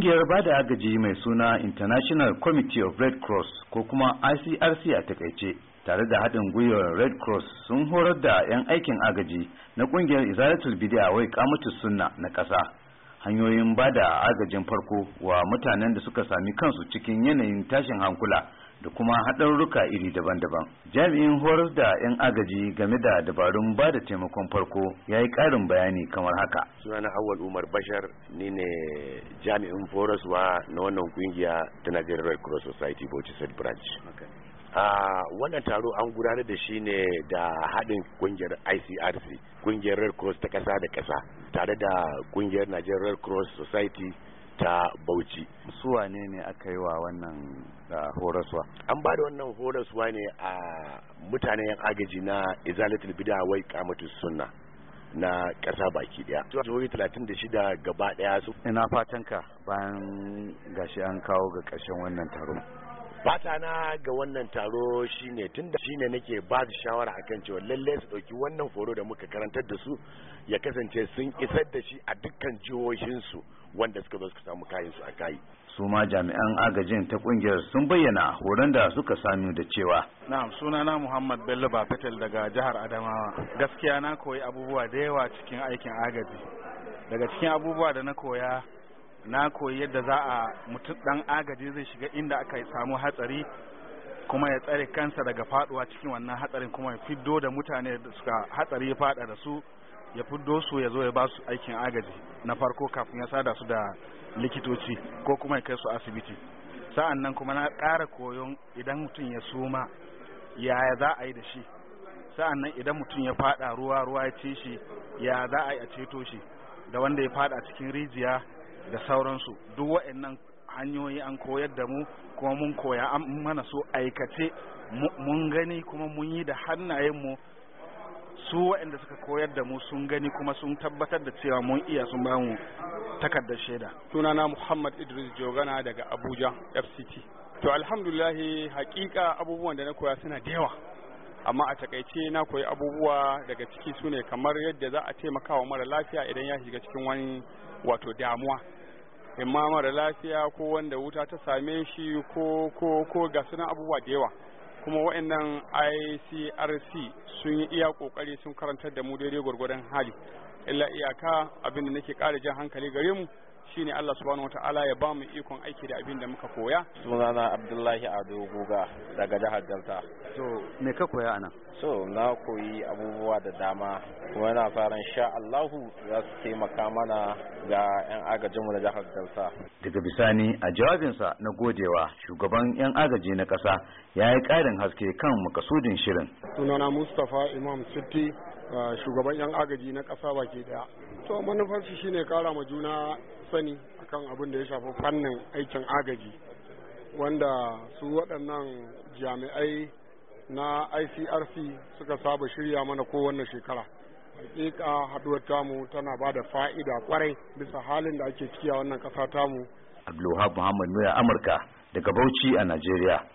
Ƙungiyar bada agaji mai suna International Committee of Red Cross ko kuma ICRC a takaice tare da haɗin gwiwar Red Cross sun horar da 'yan aikin agaji na ƙungiyar Izalatul Bidiya wai kamatu sunna na ƙasa. Hanyoyin bada agajin farko wa mutanen da suka sami kansu cikin yanayin tashin hankula da kuma haɗarruka iri daban-daban. Jami'in horar da 'yan agaji game da dabarun ba da taimakon farko ya yi ƙarin bayani kamar haka. Sunana Awal Umar Bashar ni ne jami'in horaswa na wannan kungiya ta Nigerian Red Cross Society Bauchi Branch. a wannan taro an gudanar da shi ne da haɗin kungiyar ICRC kungiyar Red Cross ta ƙasa da ƙasa tare da kungiyar Nigerian Red Cross Society ta Bauchi. Su wane ne aka yi wa wannan ah, horaswa? An ba da wannan horaswa ne a mutane yan agaji na Izalatul Bida wai kamatu sunna na ƙasa baki ɗaya. Jihohi talatin da gaba ɗaya su. Ina fatan ka bayan gashi an kawo ga ƙarshen wannan taron. fata na ga wannan taro shine tunda shine nake ba su shawara akan cewa lalle su dauki wannan foro da muka karantar da su ya kasance sun isar da shi a dukkan jihohin su wanda suka zo suka samu kayan su a kai su ma jami'an agajin ta kungiyar sun bayyana horon da suka sami da cewa na'am sunana Muhammad Bello ba Bafetel daga jihar Adamawa gaskiya na koyi abubuwa da yawa cikin aikin agaji daga cikin abubuwa da na koya na koyi yadda za a mutum dan agaji zai shiga inda aka samu hatsari kuma ya tsare kansa daga faduwa cikin wannan hatsarin kuma ya fiddo da mutane da suka hatsari ya fada da su ya fiddo su ya zo ya ba su aikin agaji na farko kafin ya sada su da likitoci ko kuma ya kai su asibiti sa'an nan kuma na ƙara koyon idan mutum ya suma yaya za a yi da shi sa'an nan idan mutum ya fada ruwa ruwa ya ci shi ya za a yi a ceto shi da wanda ya fada cikin rijiya da sauransu duk wa'annan hanyoyi an koyar da mu kuma mun koya an mana su aikace mun gani kuma mun yi da hannayenmu su waɗanda suka koyar da mu sun gani kuma sun tabbatar da cewa mun iya sun ba mu takardar shaida sunana muhammad idris jogana daga abuja fct to alhamdulillah hakika abubuwan da na koya suna da yawa amma a takaice na koyi abubuwa daga ciki sune kamar yadda za a taimaka wa mara lafiya idan ya shiga cikin wani wato damuwa imma mara lafiya ko wanda wuta ta same shi ko ko ko ga sunan abubuwa da yawa kuma wa'annan ICRC sun yi iya kokari sun karantar da mu daidai gwargwadon hali illa iyaka abin da nake ƙara jan hankali gare mu shine Allah subhanahu wataala ya ba mu ikon aiki da abin da muka koya sunana Abdullahi Ado Guga daga jihar Delta to me ka koya anan so na koyi abubuwa da dama kuma na faran sha Allahu za su taimaka mana ga 'yan mu da jihar Delta. Daga bisani a jawabinsa na godewa shugaban 'yan agaji na ƙasa ya yi ƙarin haske kan makasudin shirin. Sunana Mustapha Imam Sitti uh, shugaban 'yan agaji na ƙasa baki daya. to manufarsu shine kara ma juna sani akan abin da ya shafi fannin aikin agaji wanda su waɗannan jami'ai na icrc suka saba shirya mana kowanne shekara hakika haduwar tamu tana ba da fa'ida kwarai bisa halin da ake ciki wannan ƙasa tamu abdulwahab muhammad nuna amurka daga bauchi a najeriya